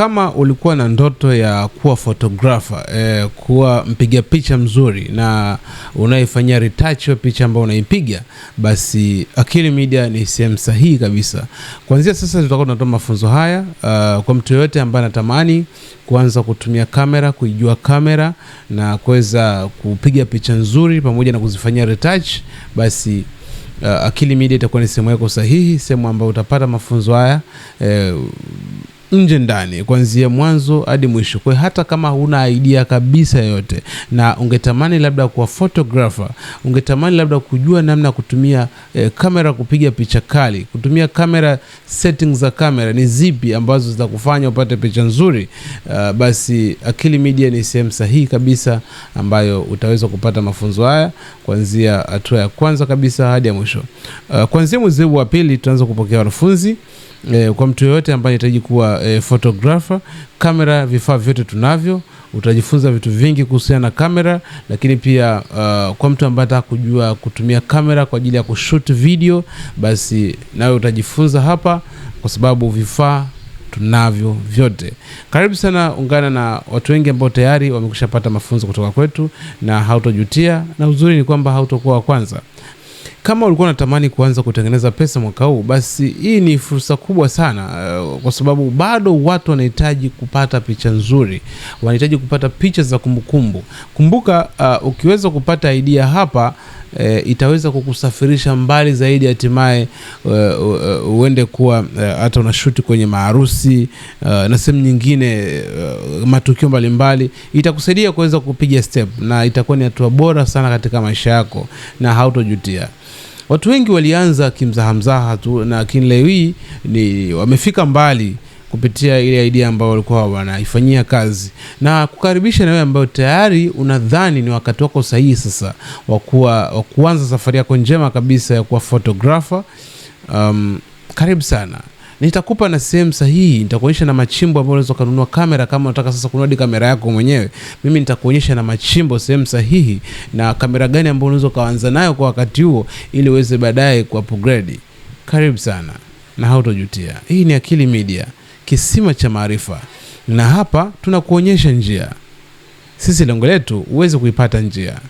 kama ulikuwa na ndoto ya kuwa photographer eh, kuwa mpiga picha mzuri na unaifanyia retouch ya picha ambayo unaipiga, basi Akili Media ni sehemu sahihi kabisa. Kuanzia sasa tutakuwa tunatoa mafunzo haya uh, kwa mtu yoyote ambaye anatamani kuanza kutumia kamera, kuijua kamera na kuweza kupiga picha nzuri pamoja na kuzifanyia retouch, basi uh, Akili Media itakuwa ni sehemu yako sahihi, sehemu ambayo utapata mafunzo haya eh, nje ndani, kuanzia mwanzo hadi mwisho. Kwa hata kama huna idea kabisa yoyote na ungetamani labda kuwa photographer, ungetamani labda kujua namna ya kutumia eh, kamera kupiga picha kali, kutumia kamera, settings za kamera ni zipi ambazo zitakufanya upate picha nzuri, uh, basi Akili Media ni sehemu sahihi kabisa ambayo utaweza kupata mafunzo haya kuanzia hatua ya kwanza kabisa hadi ya mwisho. Uh, kuanzia mwezi wa pili tutaanza kupokea wanafunzi eh, kwa mtu yoyote ambaye anahitaji kuwa eh, photographer. Kamera, vifaa vyote tunavyo. Utajifunza vitu vingi kuhusiana na kamera, lakini pia uh, kwa mtu ambaye anataka kujua kutumia kamera kwa ajili ya kushoot video, basi nawe utajifunza hapa, kwa sababu vifaa tunavyo vyote. Karibu sana, ungana na watu wengi ambao tayari wamekushapata mafunzo kutoka kwetu na hautojutia, na uzuri ni kwamba hautokuwa wa kwanza. Kama ulikuwa unatamani kuanza kutengeneza pesa mwaka huu, basi hii ni fursa kubwa sana, eh, kwa sababu bado watu wanahitaji kupata picha nzuri, wanahitaji kupata picha za kumbukumbu. Kumbuka uh, ukiweza kupata idea hapa e, itaweza kukusafirisha mbali zaidi, hatimaye e, e, uende kuwa e, hata unashuti kwenye maharusi na sehemu nyingine, matukio mbalimbali, itakusaidia kuweza kupiga step na itakuwa ni hatua bora sana katika maisha yako na hautojutia. Watu wengi walianza kimzahamzaha tu, lakini leo hii ni wamefika mbali kupitia ile idea ambayo walikuwa wanaifanyia kazi na kukaribisha na wewe ambayo tayari unadhani ni wakati wako sahihi sasa wa kuanza safari yako njema kabisa ya kuwa photographer. Um, karibu sana. Nitakupa na sehemu sahihi, nitakuonyesha na machimbo ambayo unaweza kununua kamera kama unataka sasa kununua kamera yako mwenyewe. Mimi nitakuonyesha na machimbo, sehemu sahihi na kamera gani ambayo unaweza kuanza nayo kwa wakati huo ili uweze baadaye ku Karibu sana na hautojutia. Hii ni Akili Media kisima cha maarifa, na hapa tunakuonyesha njia. Sisi lengo letu uweze kuipata njia.